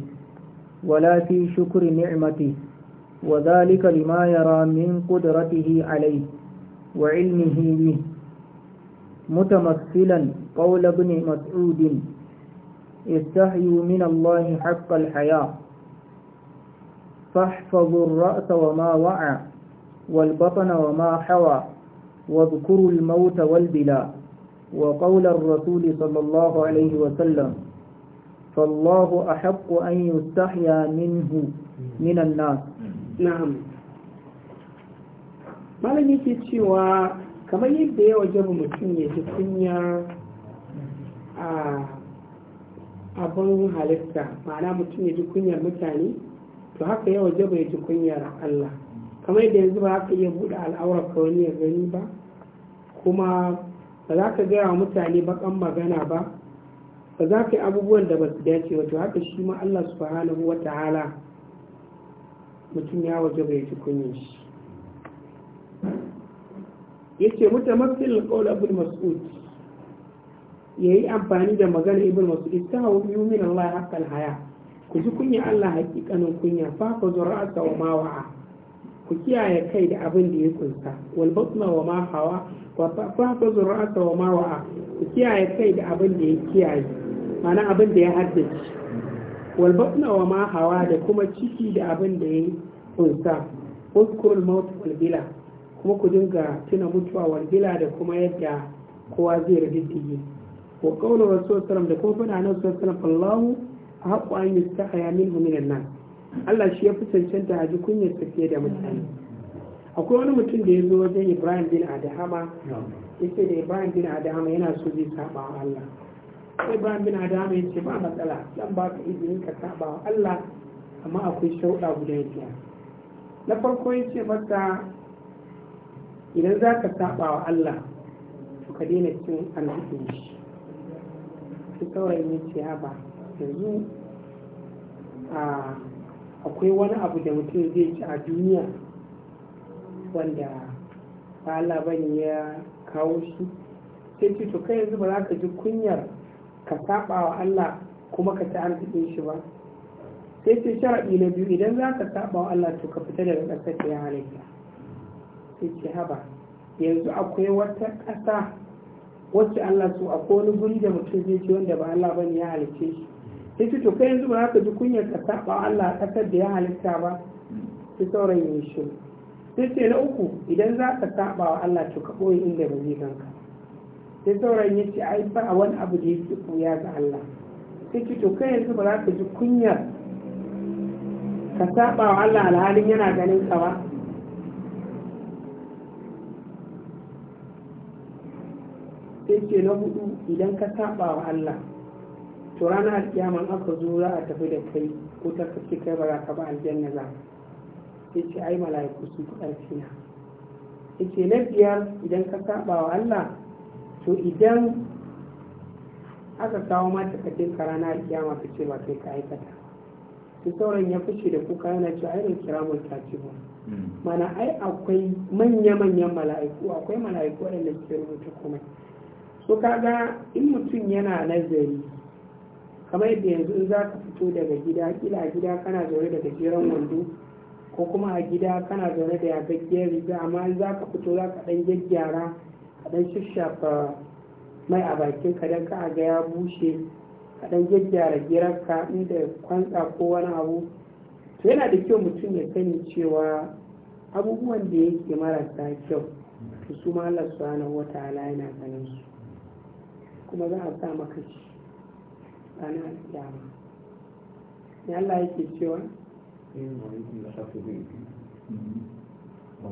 ولا في شكر نعمته وذلك لما يرى من قدرته عليه وعلمه به متمثلا قول ابن مسعود استحيوا من الله حق الحياة فاحفظوا الرأس وما وعى والبطن وما حوى واذكروا الموت والبلاء وقول الرسول صلى الله عليه وسلم فالله أحق أن يستحيا منه من الناس نعم malam yake cewa kamar yadda ya waje mutum ya ji kunya a abin halitta ma'ana mutum ya ji kunyar mutane to haka ya waje bai ji kunyar Allah kamar yadda yanzu ba za ka iya buɗe al'aurar ka wani ya gani ba kuma ba za ka gaya wa mutane bakan magana ba ba za ka yi abubuwan da ba su dace wato haka shi ma Allah subhanahu wa ta'ala mutum ya waje bai ji kunyin shi yace mutamassil qawl abul mas'ud yayi amfani da magana ibn mas'ud istahu yumin Allah haqqal haya ku ji kunya Allah hakikanin kunya fa fa zura'a wa ma mawa'a. ku kiyaye kai da abin da ya kunsa wal batna wa ma hawa wa fahfazu ra'sa wa ma wa'a ku kiyaye kai da abin da ya kiyaye mana abin da ya haddace wal batna wa ma hawa da kuma ciki da abin da ya kunsa uskurul maut wal bila kuma ku dinga tuna mutuwa wal bila da kuma yadda kowa zai riddige wa qawlu rasulullahi sallallahu alaihi wasallam da kuma fada nan sallallahu alaihi wasallam Allahu haqqan an yastahya minhu minan nas Allah shi ya fi cancanta a ji kunyar tafiye da mutane akwai wani mutum da ya zo wajen ibrahim bin adahama ya ce da ibrahim bin adahama yana so zai saba wa Allah ibrahim bin adahama ya ce ba matsala zan ba ka izinin ka saba wa Allah amma akwai shauɗa guda biyar na farko ya ce masa idan za ka saba wa Allah to ka daina cin alhudu shi sai saurayin ya ce ba yanzu akwai wani abu da mutum zai ci a duniya wanda ba bane ya kawo shi sai ce to kai yanzu ba za ka ji kunyar ka saba wa Allah kuma ka ci arzikin shi ba sai ce sharaɗi na biyu idan za ka saba wa Allah to ka fita daga ƙasar da ya halitta sai ce haba yanzu akwai wata ƙasa wacce Allah su akwai wani guri da mutum zai ci wanda ba Allah bane ya halicce shi sai ce to kai yanzu ba za ka ji kunyar ka saba Allah kasar da ya halitta ba sai sauran ya shi sai ce na uku idan za ka saba wa Allah to ka ɓoye inda ba zai ganka sai sauran ya ce ai ba wani abu da yake ya ga Allah sai ce to kai yanzu ba za ka ji kunyar ka saba wa Allah alhalin yana ganin ka ba sai ce na hudu idan ka saba wa Allah to ranar alkiyama aka zo za a tafi da kai ko ta kace kai ba za ka ba aljanna za Ya ce ai mala'iku su fi ƙarfi na ce na biyar idan ka saba wa Allah to idan aka kawo ma ka ka ranar alkiyama ka ce ba kai ka aikata su sauran ya fice da kuka yana cewa ai ran kira mun ta ce mana ai akwai manya-manyan mala'iku akwai mala'iku waɗanda ke rubuta komai so kaga in mutum yana nazari kamar yadda yanzu in za ka fito daga gida kila a gida kana zaune da gajeren wando ko kuma a gida kana zaune da yagaggiyar riga amma in za ka fito za ka ɗan gyaggyara ka ɗan shishafa mai a bakin ka dan ka ga ya bushe ka ɗan gyaggyara ka inda kwantsa ko wani abu to yana da kyau mutum ya sani cewa abubuwan da yake marasa kyau su ma Allah wata wataala yana ganin su kuma za a sa maka shi ana kyama ya Allah yake cewa wa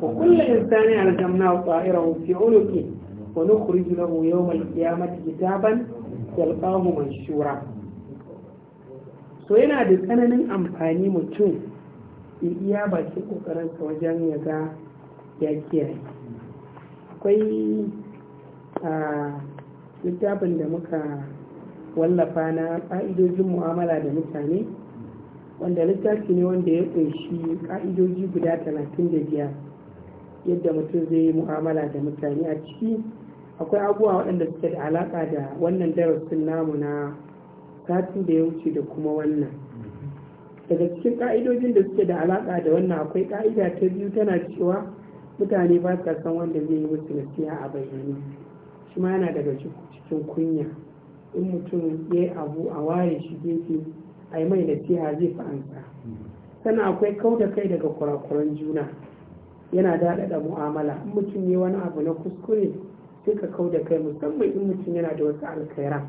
kullum insani ala zamna wa tsa'ira wa fi uluki wa nukhriju lahu yawmal qiyamati kitaban yalqahu manshura so yana da tsananin amfani mutum in iya bakin kokarin sa wajen ya ga ya kiyaye akwai a uh, littafin da muka wallafa na ƙa'idojin mu'amala da mutane wanda littafi ne wanda ya ƙunshi ƙa'idoji guda talatin da biyar yadda mutum zai yi mu'amala da mutane a ciki akwai abubuwa waɗanda suke da alaƙa da wannan darasin namu na satin da ya wuce da kuma wannan daga cikin ƙa'idojin da suke da alaƙa da wannan akwai ƙa'ida ta biyu tana cewa mutane ba sa san wanda zai yi musu nasiha a bayyane shi ma yana daga cikin cikin kunya in mutum ya abu a waye shi gefe a yi mai nasiha zai fi fa'anta sannan akwai kauda kai daga kurakuran juna yana daɗaɗa mu'amala in mutum ya wani abu na kuskure sai ka kauda da kai musamman in mutum yana da wasu alkhaira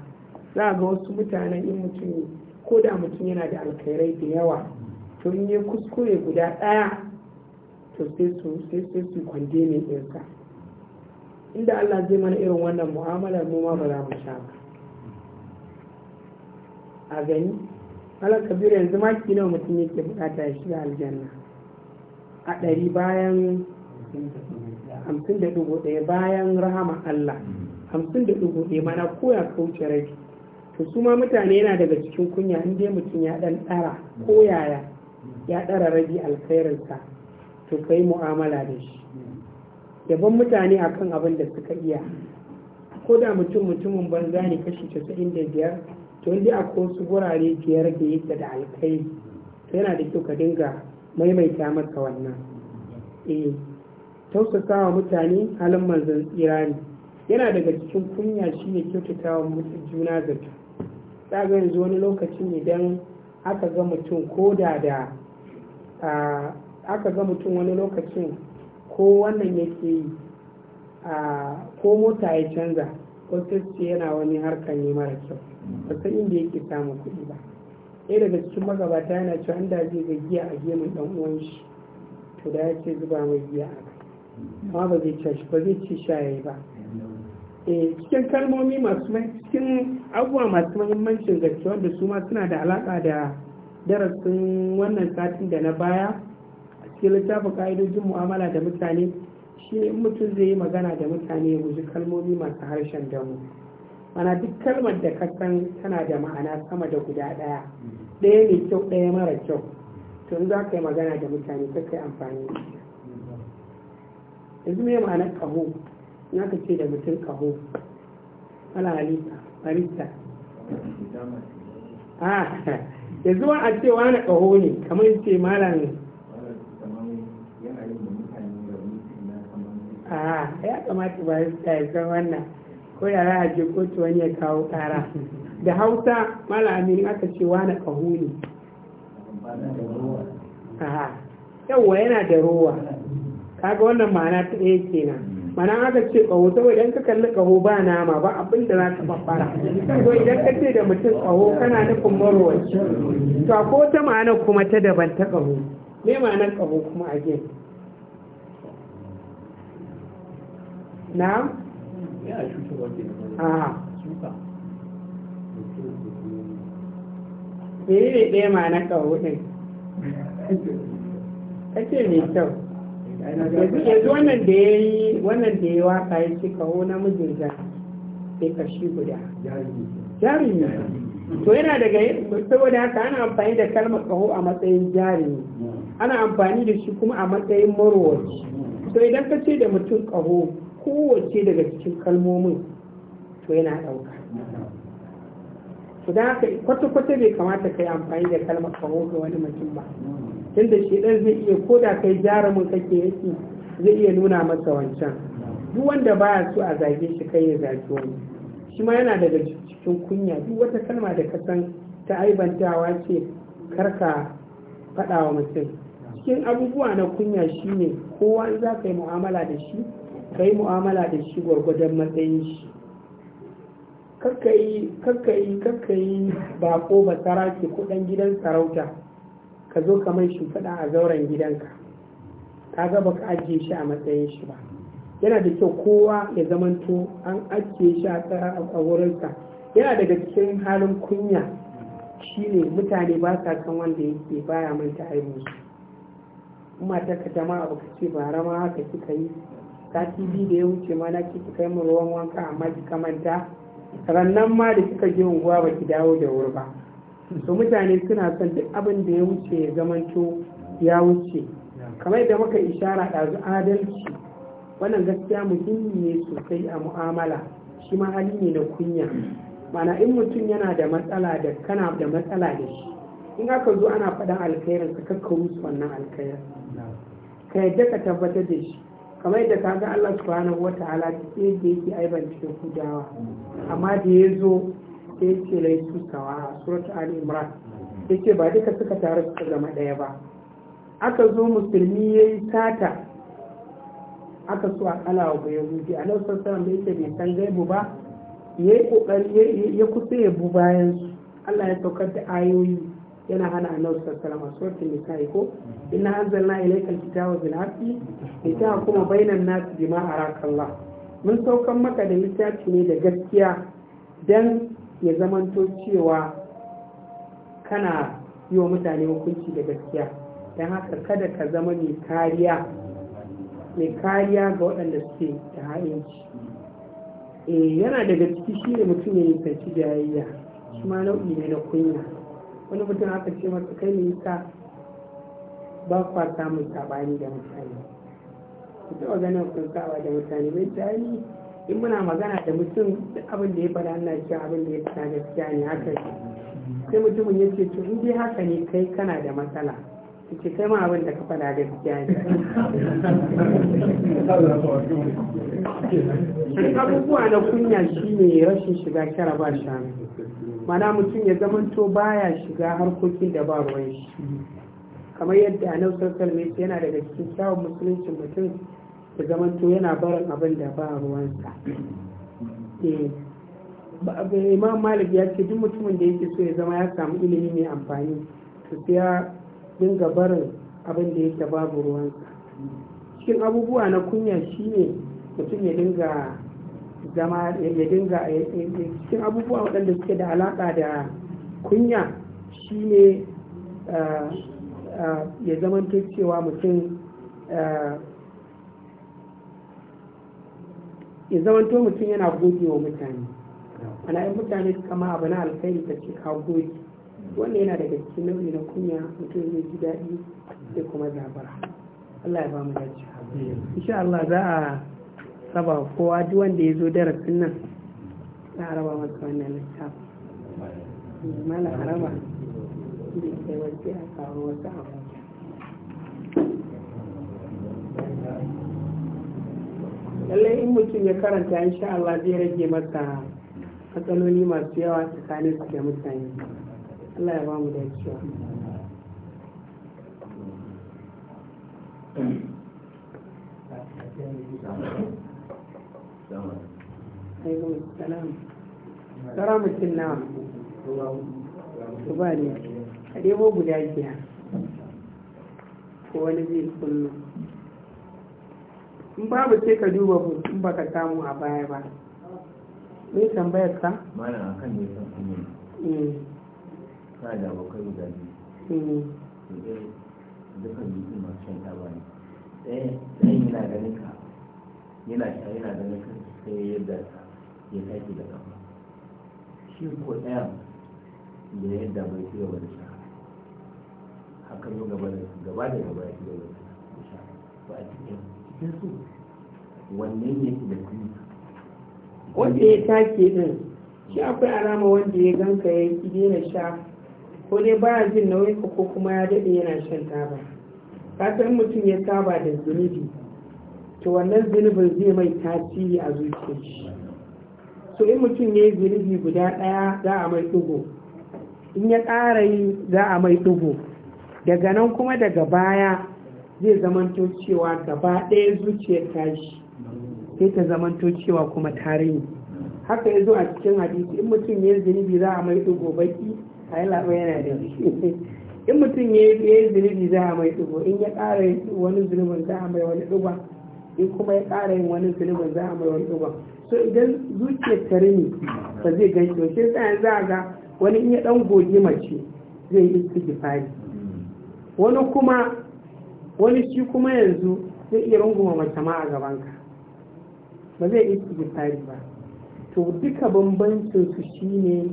za ga wasu mutanen in mutum ko da mutum yana da alkhairai da yawa to in ya kuskure guda ɗaya to sai su kwande mai ɗinsa inda Allah zai mana irin wannan mu'amalar mu ma ba za mu sha ba a gani alar kabiru yanzu maki nawa mutum yake bukata ya shiga aljanna a ɗari bayan hamsin da ɗigo ɗaya bayan rahama Allah hamsin da ɗigo ɗaya mana koya kauce rabi to su ma mutane yana daga cikin kunya in dai mutum ya ɗan ɗara koyaya ya ɗara rabi alkhairinsa to kai mu'amala da shi yabon mutane a kan abin da suka iya ko da mutum mutumin banza ne kashi casa'in da biyar to inda akwai wasu gurare biyar da yake da alkai to yana da kyau ka dinga maimaita maka wannan eh tausasa wa mutane halin manzan tsira ne yana daga cikin kunya shine kyautata wa mutum juna zato tsaga yanzu wani lokacin idan aka ga mutum ko da da ah, aka ga mutum wani lokacin ko wannan yake yi a ko mota ya canza ko sai yana wani harka ne mara kyau ba san inda yake samun kuɗi ba ɗaya daga cikin magabata yana cewa an da ga giya a gemun ɗan uwan shi to da ya ce zuba mai giya a amma ba zai ba zai ce shaye ba e cikin kalmomi masu cikin abubuwa masu mahimmancin gaske wanda su ma suna da alaƙa da darasin wannan satin da na baya a cikin littafin ka'idojin mu'amala da mutane shi ne mutum zai yi magana da mutane ya guji kalmomi masu harshen damu mana duk kalmar da ka san tana da ma'ana sama da guda ɗaya ɗaya mai kyau ɗaya mara kyau to in za ka yi magana da mutane ka kai amfani yanzu mai ma'anar ƙaho na ka ce da mutum ƙaho ala halitta barista a ah, yanzu a ce wani ƙaho ne kamar ce malam A'a, ya kamata ba ya san wannan ko yara za a je kotu wani ya kawo kara da hausa malamin aka ce wani kahu ne yawwa yana da rowa kaga wannan ma'ana ta ɗaya kenan mana aka ce ƙaho saboda idan ka kalli ƙaho ba nama ba abin da za ka fara. so idan ka ce da mutum ƙaho kana nufin marowaci to ko ta ma'ana kuma ta daban ta ƙaho me ma'anar ƙaho kuma a gefe na'am ya shuka wake a shuka me ne ɗaya ma na kawo ɗin kace mai kyau yanzu wannan da ya yi wannan da ya yi waka ya ce kawo namijin da sai kashi guda jarumi to yana daga saboda haka ana amfani da kalmar kaho a matsayin jarumi ana amfani da shi kuma a matsayin marowaci to idan ka ce da mutum kaho kowace daga cikin kalmomin to yana ɗauka Sudan haka kwata-kwata bai kamata ka yi amfani da kalmar kawo ga wani mutum ba tunda shi ɗan zai iya ko da kai jarumin kake yake zai iya nuna masa wancan duk wanda baya so a zage shi kai ya zage wani shi ma yana daga cikin kunya duk wata kalma da ka san ta aibantawa ce karka faɗa wa mutum cikin abubuwa na kunya shine kowa in za ka yi mu'amala da shi ka yi mu'amala da shi gwargwadon matsayin shi kakkayi kakkayi bako ba sarake kudan gidan sarauta ka zo ka mai shimfiɗa a zauren gidanka ka ga ka ajiye shi a matsayin shi ba yana da kyau kowa ya zamanto an ajiye shi a wurinsa yana daga cikin halin kunya shine mutane ba sa kan wanda yake baya manta aibin shi matarka jama'a ka ce ba rama haka kika yi sati biyu da ya wuce ma na kika kai mu ruwan wanka amma ki kamanta rannan ma da kika je unguwa ba ki dawo da wuri ba so mutane suna son duk abin da ya wuce ya zamanto ya wuce kamar da muka ishara ɗazu adalci wannan gaskiya muhimmi ne sosai a mu'amala shi ma hali ne na kunya mana in mutum yana da matsala da kana da matsala da shi in aka zo ana faɗan alkhairin ka kakka su wannan alkhairin ka yadda ka tabbatar da shi kamar yadda ka ga Allah subhanahu wata'ala cikin da yake aiban ku hudawa amma da ya zo ya ce su kawa a suratu ali imran ya ce ba duka suka taru suka zama ɗaya ba aka zo musulmi ya yi sata aka so a kala wa yahudi a nan sassan da yake bai san gaibu ba ya yi kokari ya kusa ya bu bayan su Allah ya saukar da ayoyi yana hana annabi sallallahu alaihi wasallam nisa'i ko inna anzalna ilaykal kitaba bil haqqi kuma bainan nas bima araka Allah mun saukan maka da littafi ne da gaskiya dan ya zamanto cewa kana yi wa mutane hukunci da gaskiya don haka kada ka zama mai kariya ga waɗanda suke da ha'inci eh, yana daga ciki shi ne mutum ya da yayya. shi ma nau'i ne na kunya wani mutum aka ce masa kai ne yasa ba kwa samun sabani da mutane ku taɓa ganin kun saba da mutane bai ta yi in muna magana da mutum da abin da ya fara ana cewa abin da ya faɗa gaskiya ne haka sai mutumin ya ce tun in dai haka ne kai kana da matsala ce kai ma abin da ka da gaskiya ne abubuwa na kunya shi ne rashin shiga kyara ba shanu mana mutum ya zamanto baya shiga harkokin da ba ruwan shi kamar yadda a nan sosai mai yana daga cikin kyawun musulunci mutum ya zamanto yana barin abin da ba ruwansa eh, imam malik ya ce duk mutumin da yake so ya zama ya samu ilimi mai amfani to sai ya dinga barin abin da yake babu ruwansa cikin abubuwa na kunya shine mutum ya dinga zama ya dinga cikin abubuwa waɗanda suke da alaƙa da kunya shine uh, uh, ya zamanto cewa mutum uh, ya zamanto mutum yana goge wa mutane ana yin mutane kama abu na alkhairi ta ce ka yana daga cikin nau'i na kunya mutum zai ji daɗi sai kuma zabara Allah ya ba mu dace insha Allah za a saba kowa duk wanda ya zo darasin nan za a raba masa wannan littafin mala a raba da ke wasu a kawo wasu abu lallai in mutum ya karanta sha Allah zai rage masa matsaloli masu yawa tsakanin su da mutane Allah ya ba mu da cewa Thank you. tsara mutum na ba ne a guda wani zai in babu sai ka duba in ba ka samu a baya ba mai tambayar ka? mana a kan ne san kuma ka da abokai guda biyu dukkan jikin masu shan taba ne ɗaya yana ganin ka yana yana ganin ka sai yadda ya tashi da kafa shi ko ɗaya da yadda bai ci gaba da shi haka yau gaba da gaba da gaba ya ci gaba da shi to a cikin cikin su wannan fi da kuma wanda ya take din shi akwai alama wanda ya ganka ya ki na sha ko dai baya jin nauyi ko kuma ya daɗe yana shan taba ka san mutum ya saba da zunubi to wannan zunubin zai mai tasiri a zuciya shi so in mutum ya yi zunubi guda ɗaya za a mai ɗigo in ya ƙara yi za a mai ɗigo daga nan kuma daga baya zai zamanto cewa gaba ɗaya zuciyar tashi sai ta zamanto cewa kuma tarihi haka ya zo a cikin hadisi in mutum ya yi zunubi za a mai ɗigo baki a yi laɓa yana da in mutum ya yi zunubi za a mai ɗigo in ya ƙara wani zunubin za a mai wani ɗigo in kuma ya ƙara yin wani zunubin za a mai wani uban so idan zuciyar ta rini ba zai gan shi shi za a ga wani in ya goge mace zai yi istighfari wani kuma wani shi kuma yanzu zai iya runguma mace ma a gabanka ba zai yi istighfari ba to duka bambancin su shine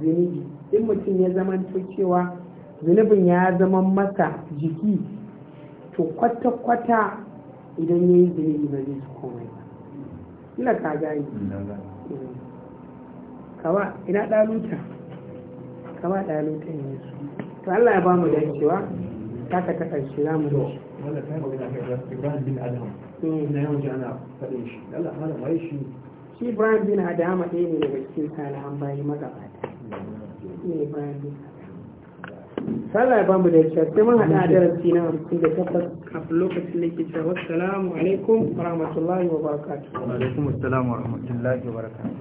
zunubi in mutum ya zamanto cewa zunubin ya zama masa jiki to kwata-kwata idan ya yi zai yi zai su komai ba ina ka gani eh. kawa ina ɗaluta kawa ɗaluta ne su to Allah ya ba mu dacewa cewa ta ƙarshe za mu dace Ibrahim bin hmm. shi Ibrahim bin Adama. ɗaya ne daga cikin salihan bayi magabata ne bin Allah ya bamu da ya sai mun hada darasi na hamsin da tabbas a lokacin da ke cewa assalamu alaikum wa rahmatullahi wa barakatuh wa alaikum assalam wa rahmatullahi wa barakatuh